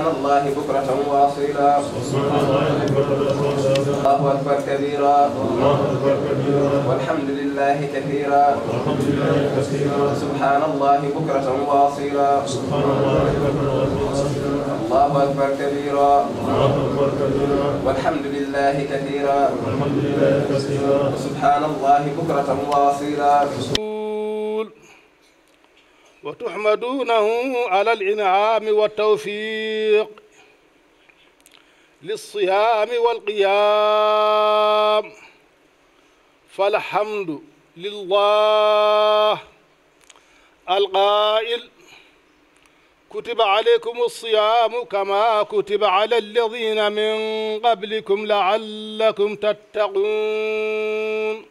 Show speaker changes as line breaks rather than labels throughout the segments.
سبحان الله بكرة وأصيلا الله أكبر كبيرا والحمد لله كثيرا سبحان الله بكرة وأصيلا الله أكبر كبيرا والحمد لله كثيرا سبحان الله بكرة وأصيلا
وتحمدونه على الإنعام والتوفيق للصيام والقيام فالحمد لله القائل كتب عليكم الصيام كما كتب على الذين من قبلكم لعلكم تتقون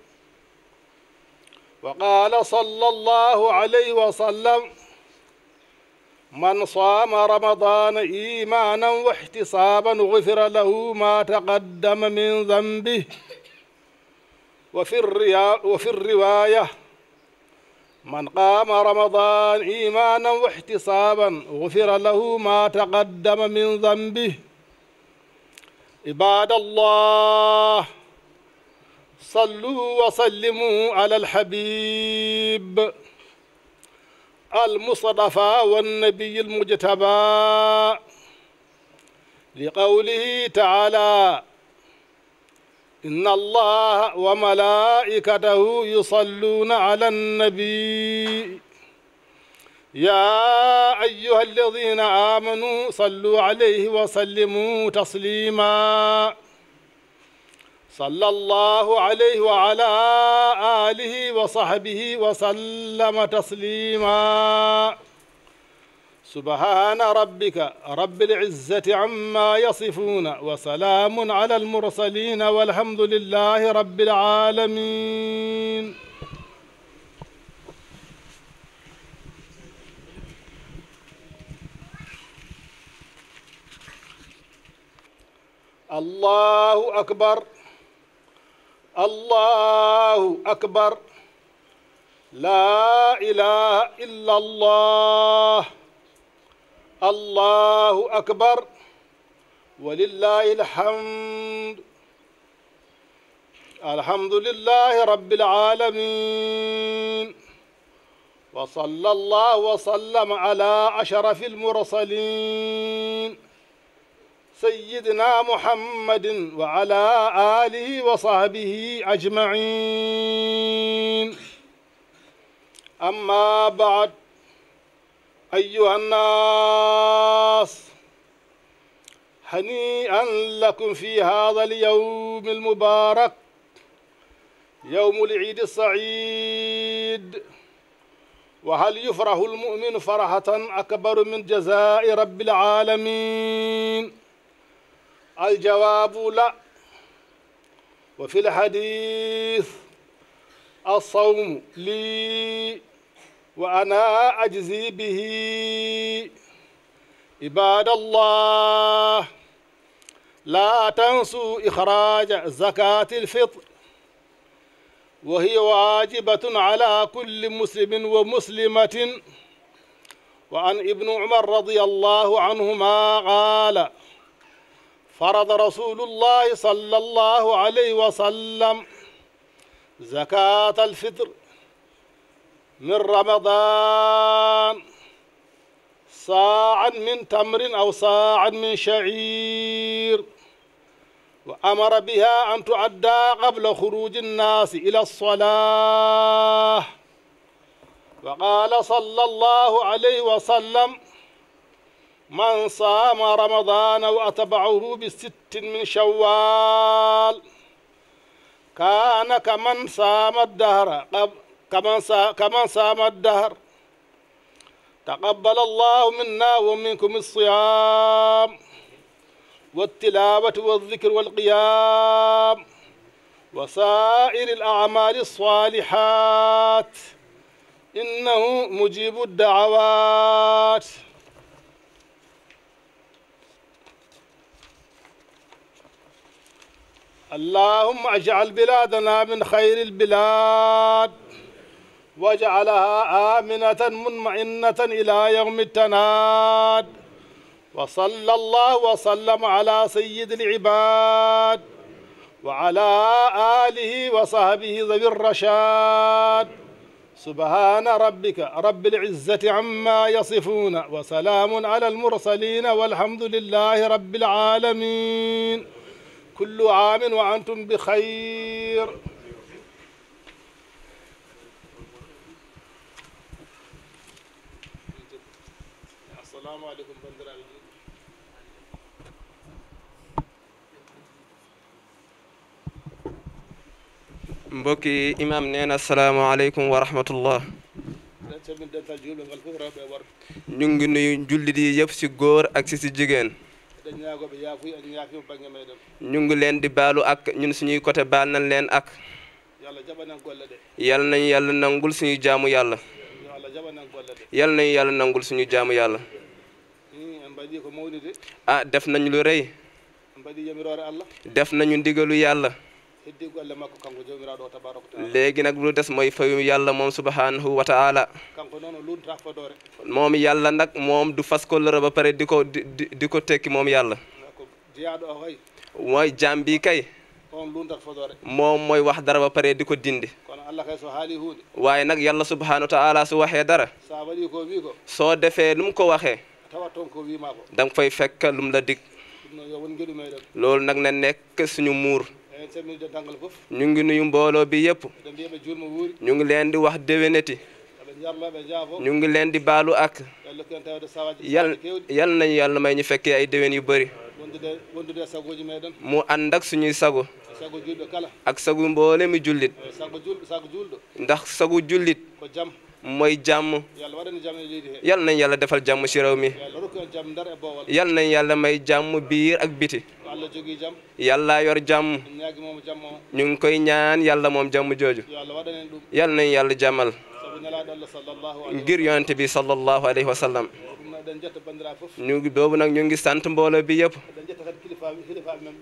وقال صلى الله عليه وسلم من صام رمضان إيمانا واحتسابا غفر له ما تقدم من ذنبه وفي, وفي الرواية من قام رمضان إيمانا واحتسابا غفر له ما تقدم من ذنبه عباد الله صلوا وسلموا على الحبيب المصطفى والنبي المجتبى لقوله تعالى إن الله وملائكته يصلون على النبي يا أيها الذين آمنوا صلوا عليه وسلموا تسليماً صلى الله عليه وعلى آله وصحبه وسلم تسليما سبحان ربك رب العزة عما يصفون وسلام على المرسلين والحمد لله رب العالمين الله أكبر الله أكبر لا إله إلا الله الله أكبر ولله الحمد الحمد لله رب العالمين وصلى الله وسلم على أشرف المرسلين سيدنا محمد وعلى آله وصحبه أجمعين أما بعد أيها الناس هنيئا لكم في هذا اليوم المبارك يوم العيد السعيد وهل يفرح المؤمن فرحة أكبر من جزاء رب العالمين الجواب لا وفي الحديث الصوم لي وأنا أجزي به عباد الله لا تنسوا إخراج زكاة الفطر وهي واجبة على كل مسلم ومسلمة وعن ابن عمر رضي الله عنهما قال فرض رسول الله صلى الله عليه وسلم زكاة الفطر من رمضان صاعا من تمر أو صاعا من شعير وأمر بها أن تعدى قبل خروج الناس إلى الصلاة وقال صلى الله عليه وسلم من صام رمضان وأتبعه بست من شوال كان كمن صام الدهر كمن كمن صام الدهر تقبل الله منا ومنكم الصيام والتلاوة والذكر والقيام وسائر الأعمال الصالحات إنه مجيب الدعوات اللهم اجعل بلادنا من خير البلاد واجعلها آمنة مطمئنة إلى يوم التناد وصلى الله وسلم على سيد العباد وعلى آله وصحبه ذوي الرشاد سبحان ربك رب العزة عما يصفون وسلام على المرسلين والحمد لله رب العالمين كل عام وأنتم بخير السلام عليكم بندر
مبوكي إمام نينا السلام عليكم ورحمة الله نيونغ نيو جولدي ييب سي غور اك سي سي جيجين ñu ngi leen di baalu ak ñun suñuy côté bal na leen ak yal nañu yàlla nangul suñu jaamu yàlla yal na yàlla nangul suñu jaamu yàlla ah def nañu lu rëy def nañu ndigalu yàlla léegi nag lu des mooy fayu yàlla moom subhanahu wa taala moom yàlla nag moom du fas kollëre ba pare di ko di ko tekki moom yàlla mooy jaam bi kay moom mooy wax dara ba pare di ko dindi waaye nag yàlla subhanahu wa taala su waxee dara soo defee lu mu ko waxee da nga fay fekk lu mu la dig loolu nag na nekk suñu muur ñu ngi nuyu mbooloo bi yëpp ñu ngi leen di wax déwénati ñu ngi leen di baalu ak yal yal nañu yàlla may ñu fekkee ay déwén yu bëri mu ànd ak suñuy sago ak sagu mboole mi jullit ndax sagu jullit mooy jàmm yal nañ yàlla defal jàmm ci réew mi yal nañ yàlla may jàmm biir ak biti
yàlla yor jàmm
ñu ngi koy ñaan yàlla moom jàmm jooju yàlla nañu yàlla jàmmal ngir yonent bi sallallahu alayhi wa sallam ñu nag ñu ngi sant mbooloo bi yëpp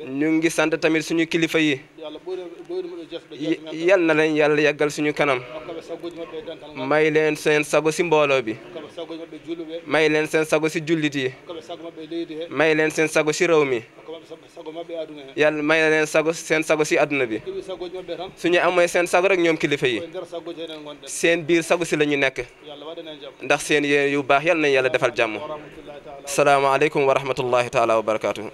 ñu ngi sant tamit suñu kilifa yi yal na leen yàlla yàggal suñu kanam may leen seen sago si mbooloo bi may leen seen sago si jullit yi
may leen seen sago si réew mi yàlla
may na leen sago seen sago si àdduna bi suñu amee seen sago rek ñoom kilifa yi seen biir sago si la ñu nekk ndax seen yéen yu baax yàlla nañ yàlla defal jàmm salaamaaleykum wa rahmatullahi taala wa barakaatuhu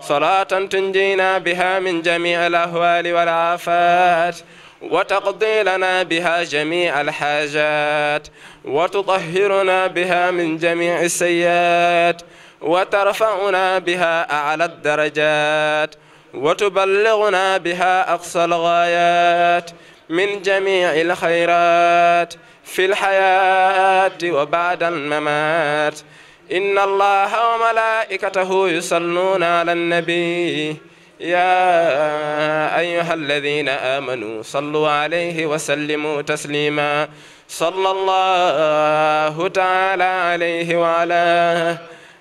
صلاة تنجينا بها من جميع الأهوال والآفات وتقضي لنا بها جميع الحاجات وتطهرنا بها من جميع السيئات وترفعنا بها أعلى الدرجات وتبلغنا بها أقصى الغايات من جميع الخيرات في الحياة وبعد الممات إن الله وملائكته يصلون على النبي يا أيها الذين آمنوا صلوا عليه وسلموا تسليما صلى الله تعالى عليه وعلى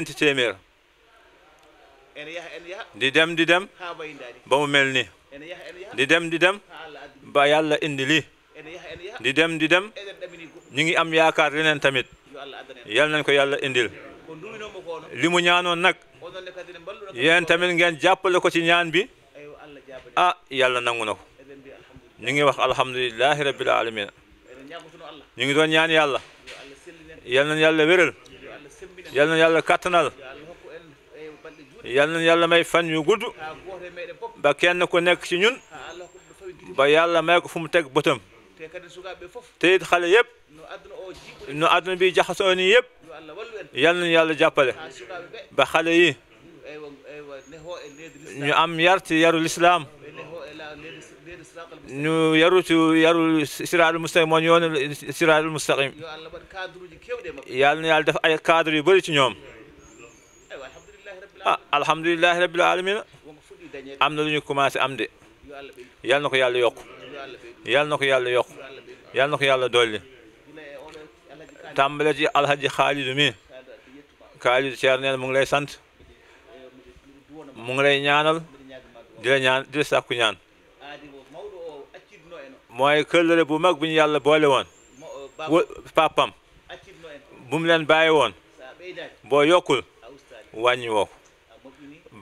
ñeenti téeméer di dem di dem ba mu mel ni di dem di dem ba yàlla indi lii di dem di dem e ñu ngi am yaakaar leneen tamit yal nañ ko yàlla indil li mu ñaanoon nag yéen tamit ngeen jàppale ko ci ñaan bi ah yàlla nangu na ko e wax alhamdulilahi rabbil alamin e ñu doon ñaan yàlla yal nañ yàlla yal na yàlla kattanal yal na yàlla may fan yu gudd ba kenn ku nekk ci ñun ba yàlla may ko fu mu teg bëtam te it xale yëpp no àdduna bi jaxasoo nii yëpp yal na yàlla jàppale ba xale yi ñu am yar ci yaru lislaam no yarutu yaru siraal mustaqim on yoon siraal mustaqim yo allah no yàlla def ay cadre yu bëri ci ñoom ah alhamdulilahi rabbil alamina am na lu ñu commencé am de yàlla na ko yàlla yokk yàlla na ko yàlla yokk yàlla na ko yàlla dolli tàmbale ci alhaji xaalidu mi xaalidu ceer neen mu ngi lay sant mu ngi lay ñaanal di la ñaan di la sàkku ñaan mooy këllëre bu mag bu ñu yàlla boole woon euh, papam bu mu leen bàyyi woon boo yokkul wàññi woo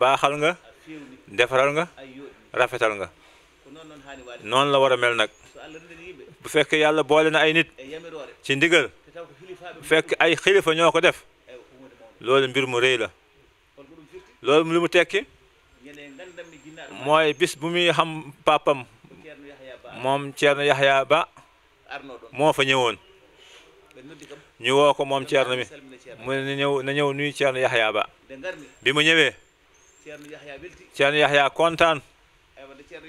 baaxal nga defaral nga rafetal nga noonu la war a mel nag bu fekkee yàlla boole na ay nit ci ndigal bu fekk ay xilifa ñoo ko def loolu mbir mu rëy la loolu lu mu tekki mooy bis bu muy xam papam moom Thierno Yahya Ba moo fa ñëwoon
ñu woo ko moom Thierno mi mu ne
na ñëw na ñëw nuyu Thierno Yahya Ba bi mu ñëwee Thierno Yahya kontaan Thierno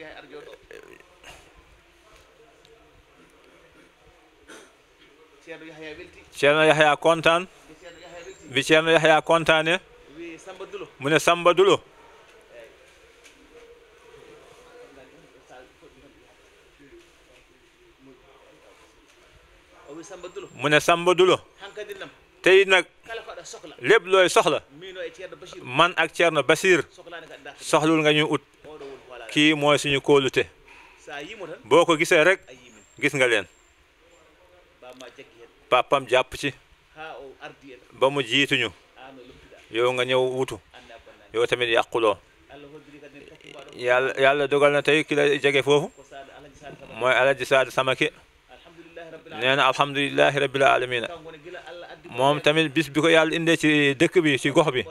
Yahya kontaan bi Thierno Yahya kontaanee mu ne Samba Dulo
mune sambo dulu,
Dulo tey nak lepp loy soxla man ak tierno Basir soxlul nga ñu ut ki moy suñu kóolute boo ko gisee rek gis nga len papam japp ci ba mu jiituñu yo nga ñew wutu yo tamit yaqulo yalla dogal na tay ki la jégué fofu moy alaji saad samake نانا الحمد لله رب العالمين موم تامل بيس بيكو يال اندي سي دك بي سي غوخ بي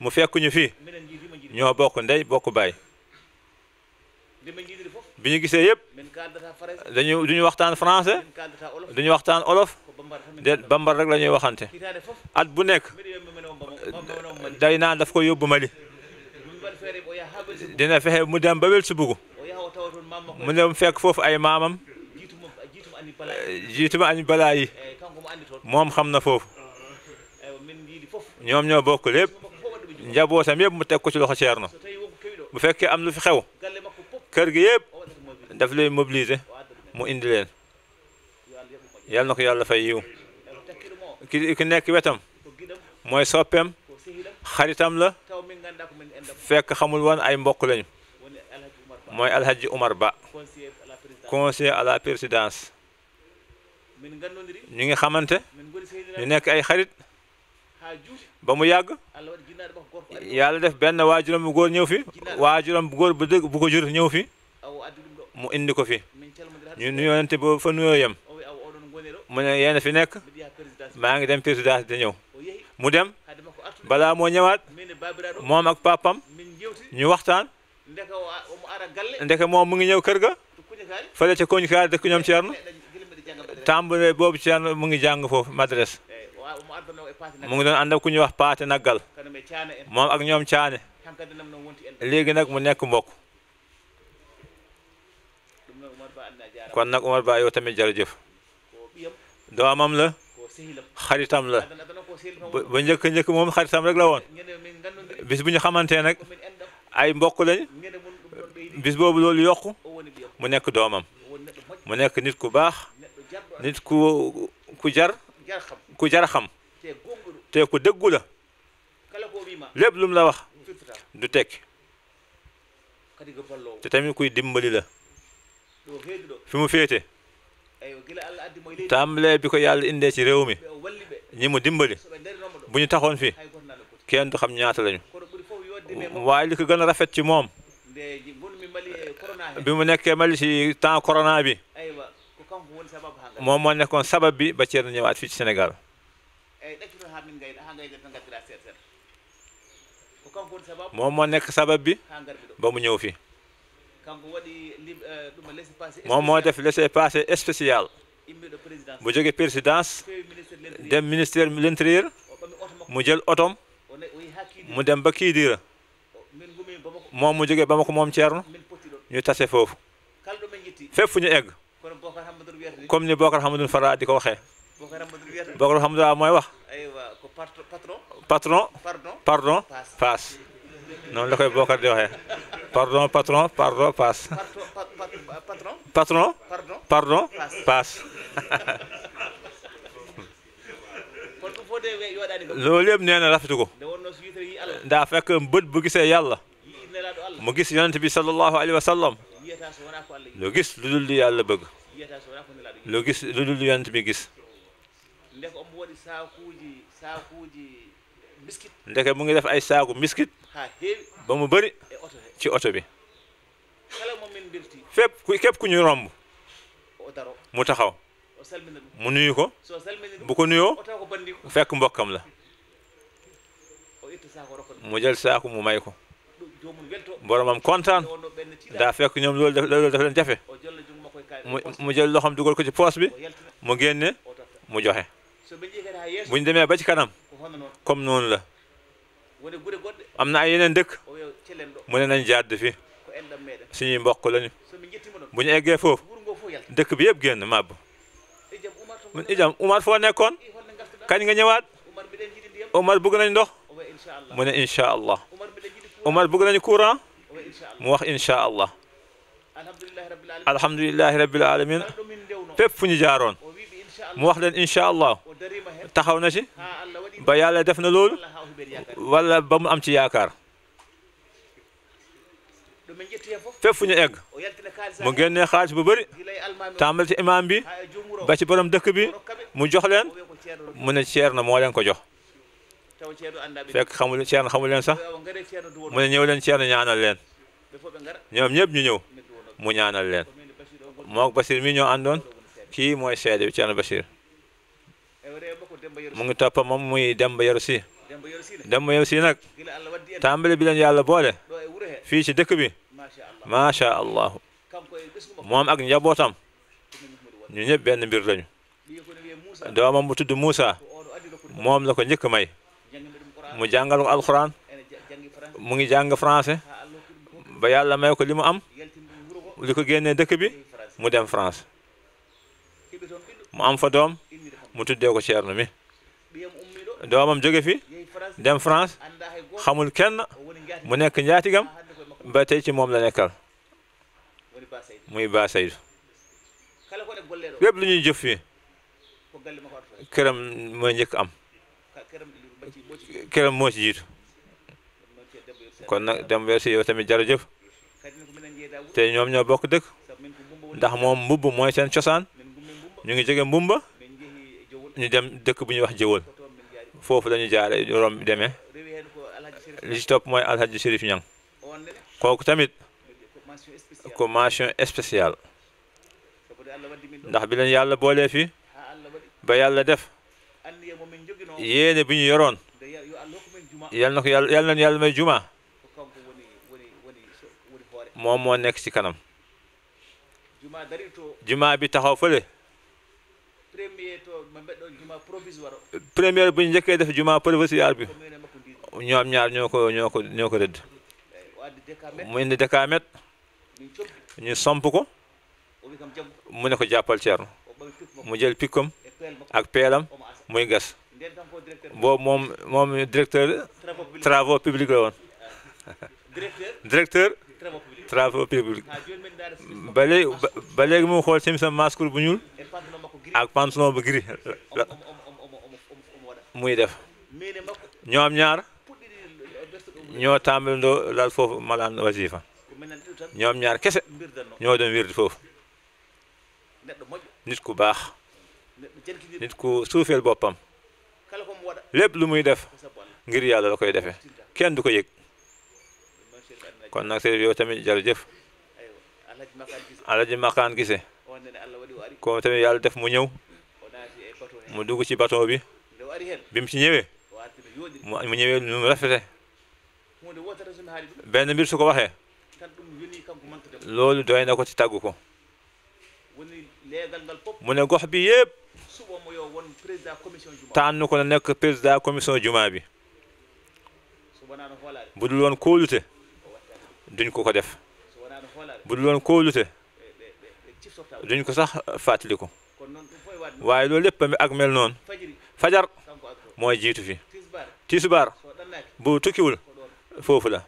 مو فيكو ني في ньо بوك ندي بوك باي بيني غيسه ييب
دانيو دونيو وقتان فرانسه دونيو وقتان اولوف
دي بامبار رك لا نيو وخانتي ات بو نيك داي نان داف كو يوبو مالي دينا فخه مودام بابيل سبوغو مودام فك فوف اي مامام جيتوا عني بلاي مام خمنا فوف نعم نعم بوكليب جابوا سميب متأكد لو خشيرنا بفكر أملو في خو كرجيب دفلي مبليزة مو إندلين يلا نك يلا فيو كي كنا كبتهم ما يسوبهم خريتهم لا فكر خمولوان أي بوكلين ما الحج عمر با كونسي على بريسيدانس
ñu
ngi xamante ñu nekk ay xarit ba mu yàgg yàlla def benn waajuram bu góor ñëw fi waajuram bu góor bu dëgg bu ko jur ñëw fi mu indi ko fi ñu nuyoonante ba fa nuyoo yem mu ne yéen fi nekk maa ngi dem présidence di ñëw mu dem balaa moo ñëwaat e moom ak papam ñu waxtaan ndeke moom mu ngi ñëw kër ga fële ca koñ kaar dëkk ñoom Thierno tàmbale boobu ci daan mu ngi jàng foofu madrasa
mu ngi doon ànd ak ku ñuy wax paate naggal moom ak ñoom caane
léegi nag mu nekk mbokk kon nag Umar Ba yow tamit jërëjëf doomam la xaritam la ba njëkk njëkk moom xaritam rek la woon bis bu ñu xamantee nag ay mbokk lañ bis boobu loolu yokku mu nekk doomam mu nekk nit ku baax nit ku ku jar ku jar xam te ku dëggu la lépp lu mu la wax du tekki te tamit kuy dimbali la fi mu féete tàmbalee bi ko yàlla indee si réew mi ñi mu dimbali bu ñu taxoon fii kenn du xam ñaata lañu waaye li ko gën rafet ci moom bi mu nekkee Mali ci temps corona bi moom moo nekkoon sabab bi ba Ceerno ñëwaat fii ci Sénégal
eh, moom moo nekk sabab bi ba mu ñëw
fi eh, moom moo def laissez-passer spécial bu jóge présidence dem ministère de oh, mu jël otom oh, mu dem ba kii diira oh, moom mu jóge ba ma ko moom Ceerno ñu tase foofu fépp fu ñu egg comme ni Bokar Hamadoun Fara di ko waxee.
Bokar Hamadoun Fara mooy wax. patron. pardon
paas. noonu la koy Bokar di waxee. pardon patron pardon paas. patron. pardon paas. loolu yëpp nee na rafetu ko. daa fekk bët bu gisee yàlla. mu gis yonent bi sallallahu alayhi wa sallam. loo gis lu dul lu yàlla bëgg loo gis lu dul lu yant bi gis ndeke mu ngi def ay saaku miskit ba mu bëri ci oto bi fépp ku képp ku ñu romb mu taxaw mu nuyu ko bu ko nuyoo fekk mbokkam la mu jël saaku mu may ko boromam kontaan daa fekk ñoom loolu loolu dafa leen jafe mu mu jël loxoom dugal ko ci poos bi mu génne mu joxe bu ñu demee ba ci kanam comme noonu la am na ay yeneen dëkk mu ne nañ jàdd fi suñuy mbokk lañu bu ñu eggee foofu dëkk bi yëpp génn màbb mun ijam Umar foo nekkoon kañ nga ñëwaat Umar bëgg nañ ndox mu ne incha allah. عمر بغداني كوره موخ ان شاء الله الحمد لله رب العالمين بيب فني جارون موخ لن ان شاء الله تخاو نجي با يالا دفنا لول ولا بام ام تي ياكار فيف فني اغ مو ген خارج ببري تعملت امام بي با سي بروم دك بي مو جوخ لن مو نيرنا مو لن كو جوخ
fekk xamul Ceerno xamul leen sax
mu ne ñëw leen Ceerno ñaanal leen ñoom ñëpp ñu ñëw mu ñaanal leen mook Bachir mi ñoo àndoon kii mooy seede bi Ceerno eh, e mu ngi topp moom muy Demba Yaru Si Demba Yaru nag tàmbali bi leen yàlla boole e fii ci dëkk bi macha allah e moom ak njabootam ñu ñëpp benn mbir lañu doomam bu tudd Moussa moom la ko njëkk may mu jàngal ko alxuraan mu ngi jàng français ba yàlla may ko limu am li ko génnee dëkk bi mu dem France mu am fa doom mu tuddee ko Ceerno mi doomam jóge fi dem France xamul kenn mu nekk njaatigam ba tey ci moom la nekkal muy Ba Seydou lépp lu ñuy jëf fii këram mooy njëkk am këram moo ci jiitu kon nag dem weer si yow tamit jërëjëf te ñoom ñoo bokk dëkk ndax moom mbubb mooy seen cosaan ñu ngi jóge mbumba ñu dem dëkk bu ñuy wax jëwal foofu lañu jaare rom demee li ci mooy alhaji Chérif Niang kooku tamit ko mention spéciale ndax bi leen yàlla boolee ba yàlla def yéene bi ñu yoroon yal na ko yàlla yal nañu yàlla may juma moom moo nekk ci kanam juma bi taxaw fële première bi ñu njëkkee def juma provisoire bi ñoom ñaar ñoo ko ñoo ko ñoo ko rëdd eh, mu indi ñu somp ko mu ne ko jàppal Ceerno mu jël pikkam ak peelam muy gas boobu moom moom directeur travaux publics la woon directeur travaux publics ba léegi ba xool simisam maskur bu ñuul ak pantalon bu gris muy def ñoom ñaar ñoo tàmbalandoo laal foofu malaan wasifa ñoom ñaar kese ñoo doon wirdi foofu nit ku baax nit ko suufeel boppam lépp lu muy def ngir yàlla la koy defee kenn du ko yëg kon nag sëriñ yow tamit a alaji makaan gise ko tamit yàlla def mu ñëw mu dugg ci bateau bi bi mu ci ñëwee mu ñëwee nu mu rafete benn mbir su ko waxee loolu doy na ko ci tàggu ko gox bi yépp tànn ko na nekk président commission juma bi bu dul woon kóolute duñ ko ko def bu dul woon kóolute eh, eh, eh, duñ ko sax fàttaliku waaye loolu lépp ak mel noonu fajar mooy jiitu fi tisbaar bu tukkiwul foofu la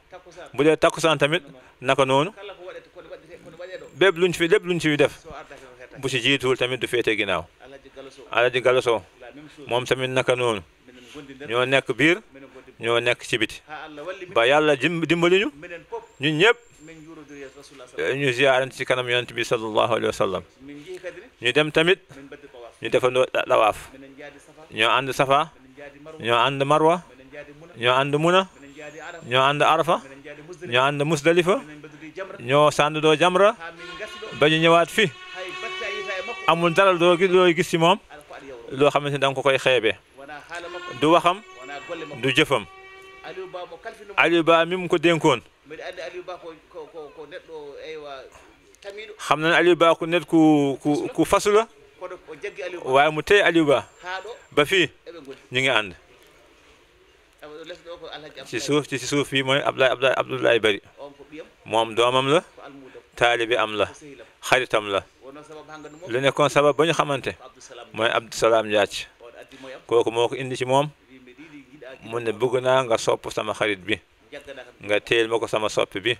bu dee takkusaan tamit naka noonu bépp luñ fi lépp luñ ci def bu ci jiituwul tamit du féete ginnaaw. ala di galoso mom tamit naka non ño nek bir ño nek ci biti ba yàlla dimbali ñu ñun ñep ñu ziyaarante ci kanam yonent bi sallallahu alayhi wasallam ñu dem tamit ñu defandoo dawaaf ño ànd safa ño ànd marwa ño ànd muna ño ànd arafa ño ànd musdalifa ño sandu do jamra ba ñu ñëwaat fi amul do gi loo gis ci mom lo xamanteni dang ko koy xébé du waxam du jëfam ali Ba mi mu ko denkon xamna ali Ba ko net ku ku ku fasu la waaye mu tey ali Ba ba fi ñi nga ànd ci suuf ci suuf fii mooy Abdoulaye Abdoulaye Bari mom domam la talibi am la xaritam la. lu nekkoon sabab ba ñu xamante mooy Abdusalaam Njaac kooku moo ko indi ci moom mu ne bëgg naa nga sopp sama xarit bi nga téyel ma ko sama soppi bi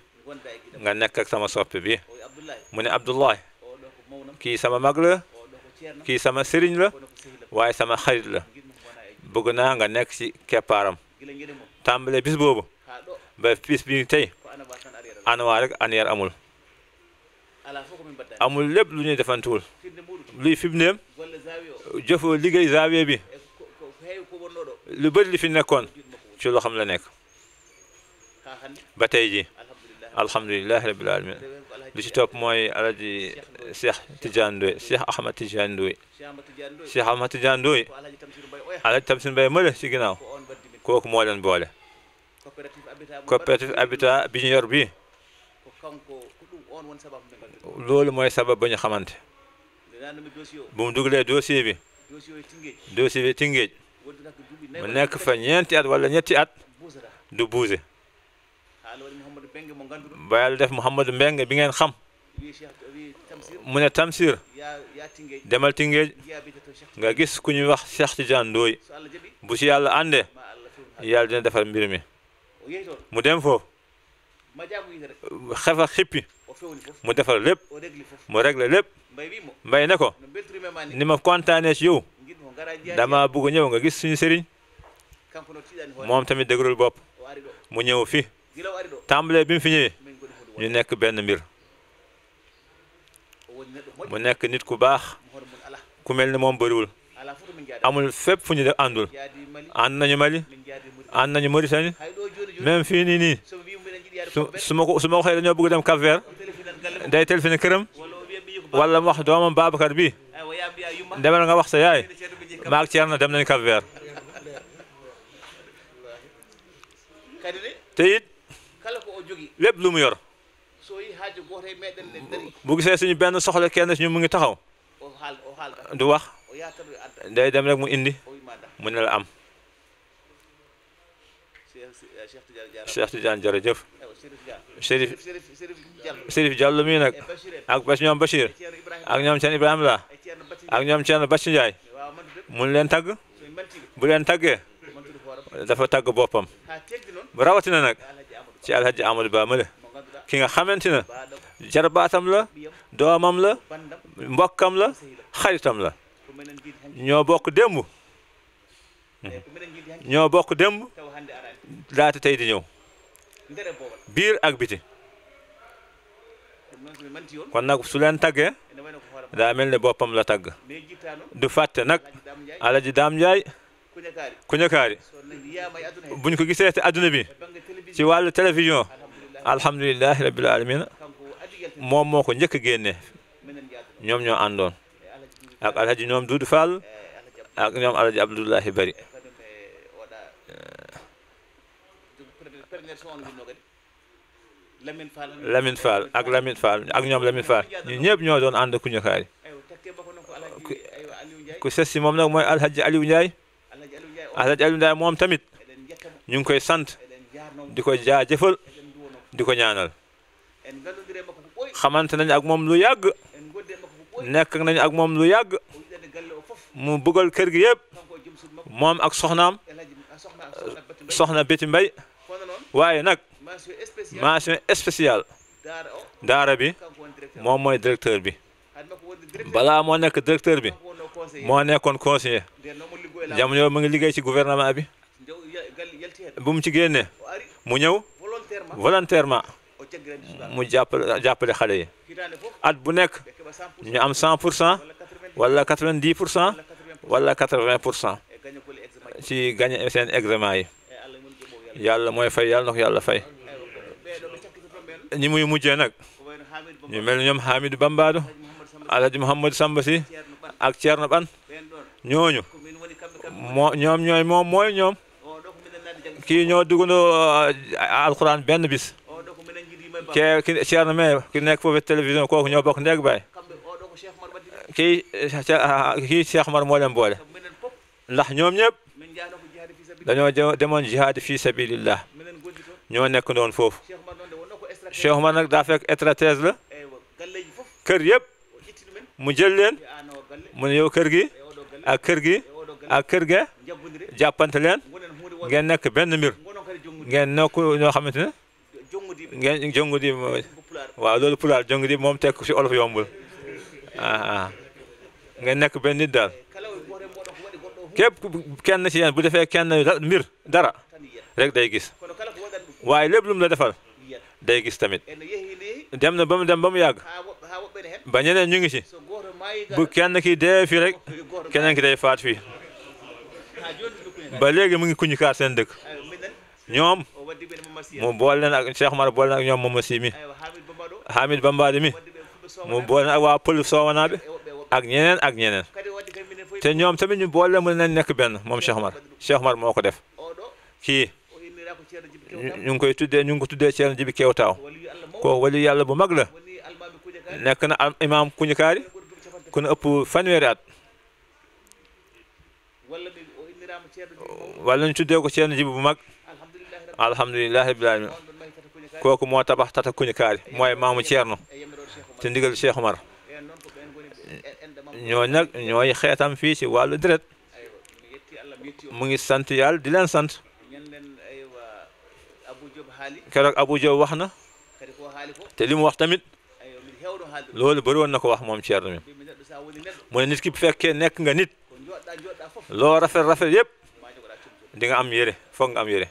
nga nekk ak sama soppi bi mu ne Abdullahi kii sama mag la kii sama sëriñ la waaye sama xarit la bëgg naa nga nekk ci keppaaram tàmbale bis boobu ba bis bi tey anwaa rek aneer amul
amul lépp lu ñuy defantul
li fi neem jëf liggéey zaawiya bi lu bëri li fi nekkoon ci loo xam la nekk ba tey ji alhamdulilahi rabbil alamin li ci topp mooy alaji Cheikh Tidiane Ndoye Cheikh Ahmad Tidiane Ndoye Cheikh Ahmad Tidiane Ndoye alaji tamsin bay mële ci ginnaaw kooku moo leen boole coopérative habitat bi ñu yor bii loolu mooy sabab ba ñu xamante bu mu dugalee dossier bi dossier bi Tëngéej mu nekk fa ñeenti at wala ñetti at du buuse ba yàlla def Mouhamadou Mbengue bi ngeen xam
mu ne Tamsir demal Tëngéej
nga gis ku ñuy wax Cheikh Tidiane Ndoye bu ci yàlla àndee yàlla dina defar mbir mi mu dem foofu xefa xippi mu defal lépp mu réglé lépp mbay ne ko ni ma kontaanee ci yow dama bëgg ñëw nga gis suñu sëriñ moom tamit dëgërul bopp mu ñëw fi tàmbalee bi mu fi ñëwee ñu nekk benn mbir mu nekk nit ku baax ku mel ni moom bëriwul amul fépp fu ñu def àndul nañu Mali ànd nañu Mauritanie même fii nii nii su ma ko su ma ko waxee dañoo bëgg dem Cap Vert day téléphone këram wala mu wax doomam Babacar bi demal nga wax sa yaay maag Thierno dem nañ Cap Vert te it lépp lu mu yor bu gisee suñu benn soxla kenn si ñu mu ngi taxaw
du wax day dem rek mu indi mu ne la am Cheikh Tidiane jërëjëf
Chérif Chérif Diallo mii nag eh, ak bas ñoom Bachir ak ñoom Thierno Ibrahima la ak ñoom Thierno Bachir Ndiaye mun leen tagg bu leen taggee dafa tagg boppam rawatina nag ci Alhaji Amadou Ba male ki nga xamante ne jarbaatam la doomam la mbokkam la xaritam la ñoo bokk démb eh, ñoo bokk démb laata tey di ñëw biir ak biti kon nag su leen taggee daa mel ne boppam la tagg du fàtte nag alaji daam njaay kuñakaari buñ ko gisee te adduna bi ci wàllu télévision alhamdulilahi rabbil alamina moom moo ko njëkk génnee ñoom ñoo àndoon ak alhaji ñoom Duudu Fall ak ñoom alhaji Abdullahi Bari Lamine Fall ak Lamine Fall ak ñoom Lamine Fall ñu ñëpp ñoo doon ànd ku ñu kaay ku ses si moom nag mooy Alhaji Aliou Ndiaye Alhaji Aliou Ndiaye moom tamit ñu ngi koy sant di ko jaajëfal di ko ñaanal xamante nañ ak moom lu yàgg nekk nañ ak moom lu yàgg mu bëggal kër gi yëpp moom ak soxnaam soxna Béti Mbaye waaye nag mention spéciale daara bi moom directeur bi balaa moo nekk directeur bi moo nekkoon conseiller jamono yow mu ngi gouvernement bi bu mu ci mu volontairement mu jàppale yi at bu nekk ñu am 100 pour wala 90 pour 80 pour cent ci examen yalla mooy fay yàlla na ko yàlla fay ñi muy mujjee nag ñu mel ñoom Hamidou Bambado Alhaji Mouhamadou Samba ak Thierno Ban ñooñu moo ñoom ñooy moom mooy ñoom kii ñoo dugandoo uh, alquran benn bis kee ki Thierno ki nekk foofu télévision kooku ñoo bokk ndeeg baay kii kii Cheikh Mar moo leen ndax ñoom ñëpp dañoo demoon jihad fi sabilillah ñoo nekk doon foofu Cheikh Oumar nag daa fekk stratège la kër yëpp mu jël leen mu ne yow kër gi ak kër gi ak kër ge jàppante leen ngeen nekk benn mbir ngeen nekk ñoo xamante ne ngeen jongu di waaw loolu pulaar jongu di moom tekk ci olof yombul ah, ah. ngeen nekk benn nit daal كيف كان نسي يعني بدفع كان مير درا رك دايجيس واي لبلم لا دفر دايجيس تامين دمنا بام دم بام ياغ بانينا نيغي سي بو كان نكي دي في رك كان نكي دي فات في بالي مي كوني كار سن دك نيوم مو بولن اك شيخ مار بولن اك نيوم مو مسيمي حامد بامبادي مي مو بولن اك وا بوليس سو وانا بي اك نينن اك نينن تنيوم تمين بولا من النك بين مم شهمر شهمر موقف كي نقول تود نقول تود شيئا جب كي أتاو كو ولي يالله بمغلة لكن الإمام كوني كاري كن أبو فنيرات ولن تود يوكو شيئا جب بمغ الحمد لله رب العالمين كو كو موتا بحتا كوني كاري مو إمام شيئا تندقل شيخ مر ñooñu nag ñooy xeetam fii ci wàllu deret mu ngi sant yàlla di leen sant keroog Abu Job wax na
te li mu wax tamit loolu bëri
woon na ko wax moom Thierno mi mu ne nit ki bu fekkee nekk nga nit loo rafet rafet yépp di nga am yére foog nga am yére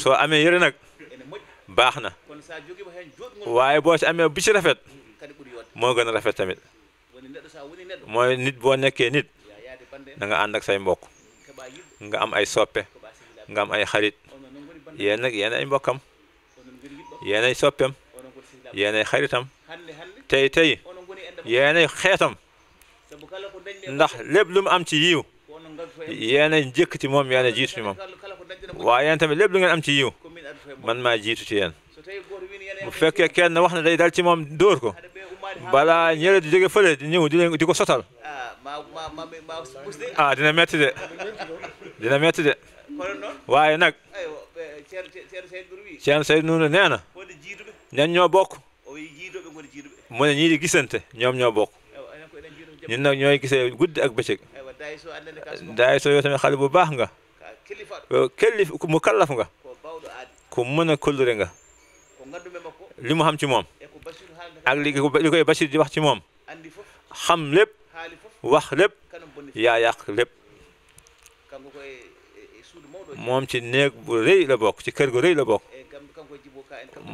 soo amee yére nag baax na waaye boo ci amee bi ci rafet moo gën a rafet tamit. mooy nit boo nekkee nit da nga ànd ak say mbokk nga am ay soppe nga am ay xarit yéen nag yéen ay mbokkam yéen ay soppem yéen ay xaritam tey tey yéen ay xeetam ndax lépp lu mu am ci yiw yéen a njëkk ci moom yéen a jiitu ci moom waaye yéen tamit lépp lu ngeen am ci yiw man maa jiitu ci yéen. bu fekkee kenn wax na day dal ci moom dóor ko balaa ñële di jóge fële di ñëw di leen di ko sotal ah dina metti de dina metti de waaye nag Ceerno Seydou Nourou nee na ñan ñoo bokk mu ne ñii di gisante ñoom ñoo bokk ñun nag ñooy gisee guddi ak bëccëg daay soo yoo tamit xale bu baax nga kelif mu kallaf nga ku mën a kullure nga li mu xam ci moom ak li li koy Bachir di wax ci moom xam lépp wax lépp yaa yàq lépp moom ci néeg bu rëy la bokk ci kër gu rëy la bokk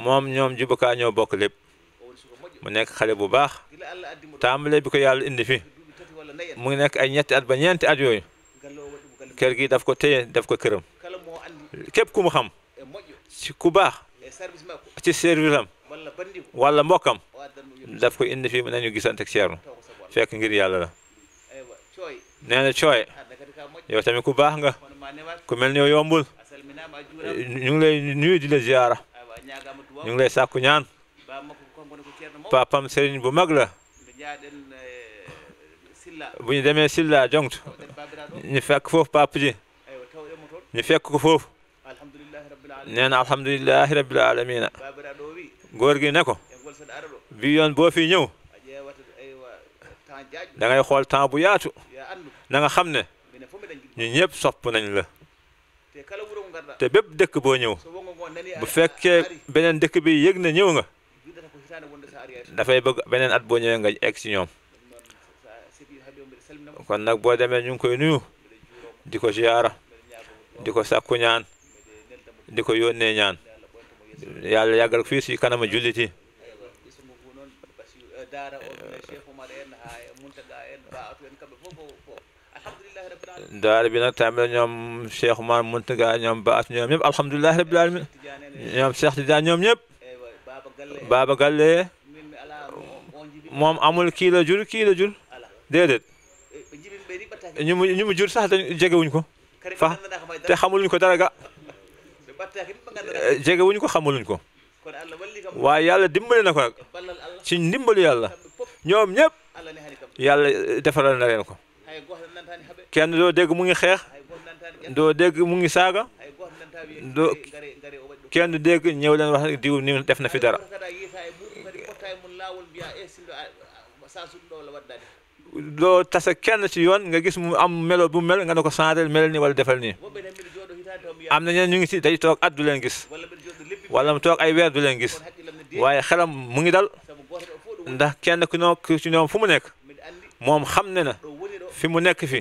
moom ñoom jibukaa ñoo bokk lépp mu nekk xale bu baax tàmbale bi ko yàlla indi fi mu ngi nekk ay ñetti at ba ñeenti at yooyu kër gi daf ko téye daf ko këram képp ku mu xam ci ku baax ci service am wala mbokam daf ko indi fii nañu gisante ak Ceerno fekk ngir yàlla la nee na cooy ah, yow tamit ku baax nga ku mel ni yow yombul eh, ñu ngi lay nuyu di la ziyaara ñu ngi lay sàkku ñaan papam sëriñ bu mag la eh, bu ñu demee Silla jongt ñu fekk foofu pap ji ñu fekk ko foofu nee na alhamdulilahi rabbil alamina góor gi ne ko bi yoon boo fi ñëw da ngay xool temps bu yaatu na nga xam ne ñu ñëpp sopp nañ la te bépp dëkk boo ñëw bu fekkee beneen dëkk bi yëg na ñëw nga dafay bëgg beneen at boo ñëwee nga ex si ñoom kon nag boo demee ñu ngi nuyu di ko ziyaara di ko ñaan di ko yónnee ñaan yàlla yàggal fii si kanama julliti daara bi nag tamit ñoom Cheikh Oumar Mountaga ñoom Baas ñoom ñëpp alhamdulilahi rabbil alamin ñoom Cheikh Tidiane ñoom ñëpp Baba Galle moom amul kii la jur kii la jur déedéet ñu mu ñu mu jur sax dañ jegewuñ ko fa te xamuluñ ko dara ga Eh, jege wuñ ko xamaluñ ko waaye yàlla dimbali na ko nag ci ndimbalu yàlla ñoom ñëpp yàlla eh, defaral na leen ko kenn doo dégg mu ngi xeex doo dégg mu ngi saaga doo kenn du dégg ñëw leen wax ne diw ni def na fi dara ah, doo tasa kenn ci yoon nga gis mu am melo bu mel nga ne ko sandel mel ni walla defal nii am na ñu ngi ci day toog at du leen gis wala mu toog ay weer du leen gis waaye xelam mu ngi dal ndax kenn ku ñoom ku ci ñoom fu mu nekk moom xam ne na fi mu nekk fi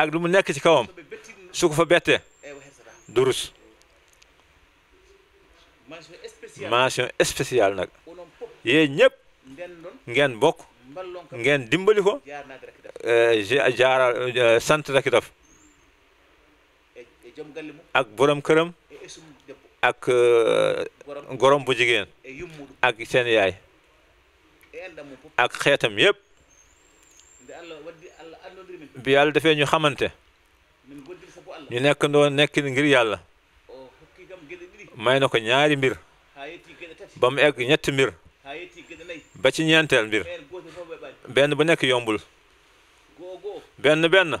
ak lu mu nekk ci kawam su ko fa bettee du rus mention spéciale nag yéen ñëpp ngeen bokk ngeen dimbali ko jaaral sant rek daf
ak borom këram
ak euh, gorom bu jigéen ak seen yaay ak xeetam yépp bi yàlla defee ñu xamante ñu nekk ndoo nekk ngir yàlla may na ko ñaari mbir ba mu egg ñetti mbir ba ci ñeenteel mbir benn bu nekk yombul benn benn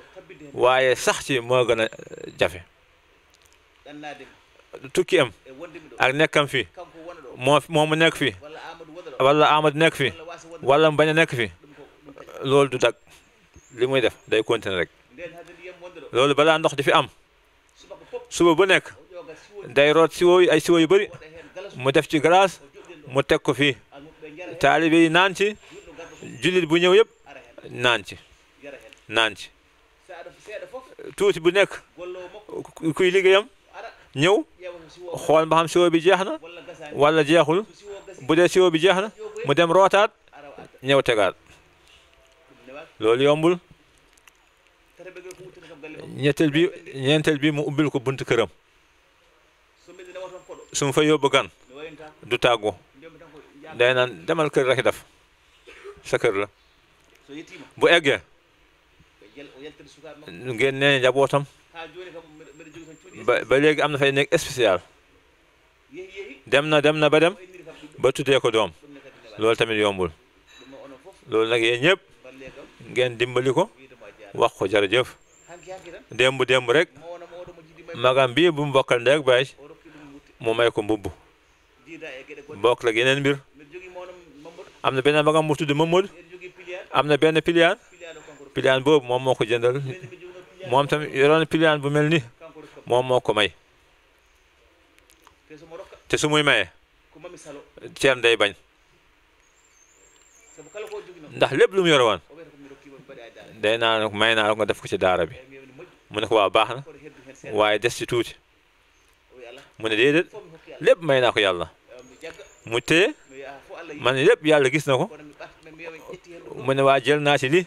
waaye sax ci moo gën a jafe tukki am ak nekkam fi moo moom mu nekk fi wala Amadou nekk fi wala mu bañ a nekk fi loolu du dag li muy def day continuer rek loolu balaa ndox di fi am suba bu nekk day root siwo yi ay siwo yu bëri mu def ci glace mu teg ko fii taalibe yi naan ci jullit bu ñëw yëpp naan ci naan ci tuuti bu nekk kuy liggéeyam ñëw xool ba xam siwo bi jeex na wala jeexul bu dee siwo bi jeex na mu dem rootaat ñëw tegaat loolu yombul ñetteel bi ñeenteel bi mu ubbil ko bunt këram su mu fa yóbbu gan du tàggu day naan demal kër rek def sa kër la bu eggee ngeen nee jabootam ba ba léegi am na fay nekk spécial dem na dem na ba dem ba tuddee ko doom loolu tamit yombul loolu nag yéen ngeen dimbali ko wax ko jërëjëf démb démb rek magam bii bu mu bokkal ndey ak baay mu may ko mbubb bokk la yeneen mbir am na benn magam mu tudd Mamadou am na benn piliyaan piliyaan boobu moom moo ko jëndal moom tamit yoroon piliyaan bu mel ni moom moo ko may te su muy maye ceem day bañ ndax lépp lu mu yore woon day naa ne may naa nga def ko ci daara bi mu ne ko waa baax na waaye des ci tuuti mu ne déedéet lépp may ko yàlla mu téye man lépp yàlla gis na ko mu ne waa jël naa li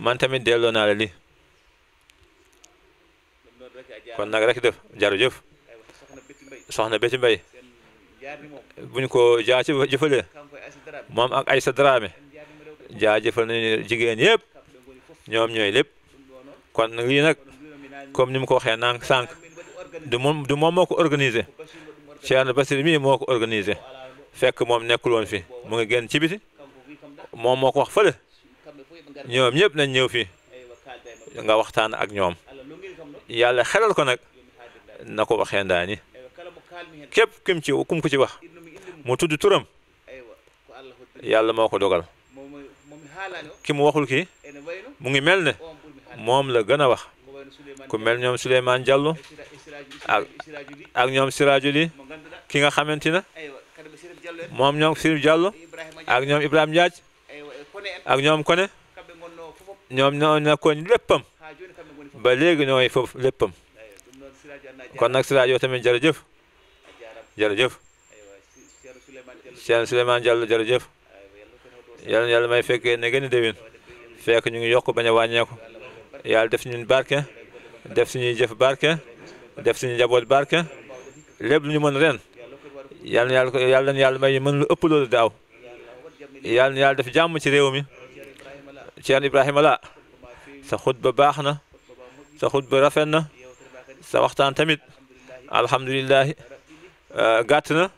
man tamit delloo naa la li kon nag rek def jërëjëf soxna Béti Mbaye bu ko jaa ci jëfalee moom ak Aïssa jaa jëfal nañu jigéen yëpp ñoom ñooy lépp kon lii nag comme ni mu ko waxee nànk sànq du moom moo ko organisé Thierno Basir mii moo ko organisé fekk moom nekkul woon fi mu ngi génn ci moom moo ko wax fële. ñoom ñëpp nañ ñëw fii nga waxtaan ak ñoom yàlla xelal ko nag na ko waxee ndaani képp kim ci kum ko ci wax mu tudd turam yàlla moo ko dogal ki mu waxul kii mu ngi mel ne moom la gën a wax ku mel ñoom Souleymane Diallo ak ak ñoom Siraju li ki nga xamante ne moom ñoom Sirif Diallo ak ñoom Ibrahima Diadj. ak ñoom kone ñoom ñoo nekkoon léppam ba léegi ñooy foofu léppam kon nag Siraj tamit jërëjëf jërëjëf Cheikh Souleymane Diallo jërëjëf yàlla yàlla may fekkee ne gën a fekk ñu ngi yokk bañ a wàññeeku yàlla def suñu barke def suñuy jëf barke def suñu njaboot barke lépp lu ñu mën ren yàlla yàlla yàlla yàlla may mën lu ëpp loolu daaw. يال يعني يال داف جام سي ريومي شيخ ابراهيم لا سا خطبه باخنا سا خطبه رافنا سا وقتان تاميت الحمد لله غاتنا آه،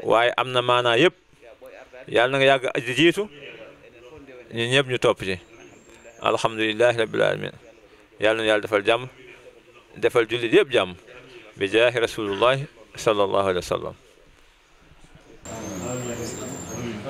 واي امنا مانا ييب يال نغا ياغ جيتو ني نيب ني توب الحمد لله رب العالمين يال يا دافال جام دافال جولي ييب جام بجاه رسول الله صلى الله عليه وسلم
Thank you.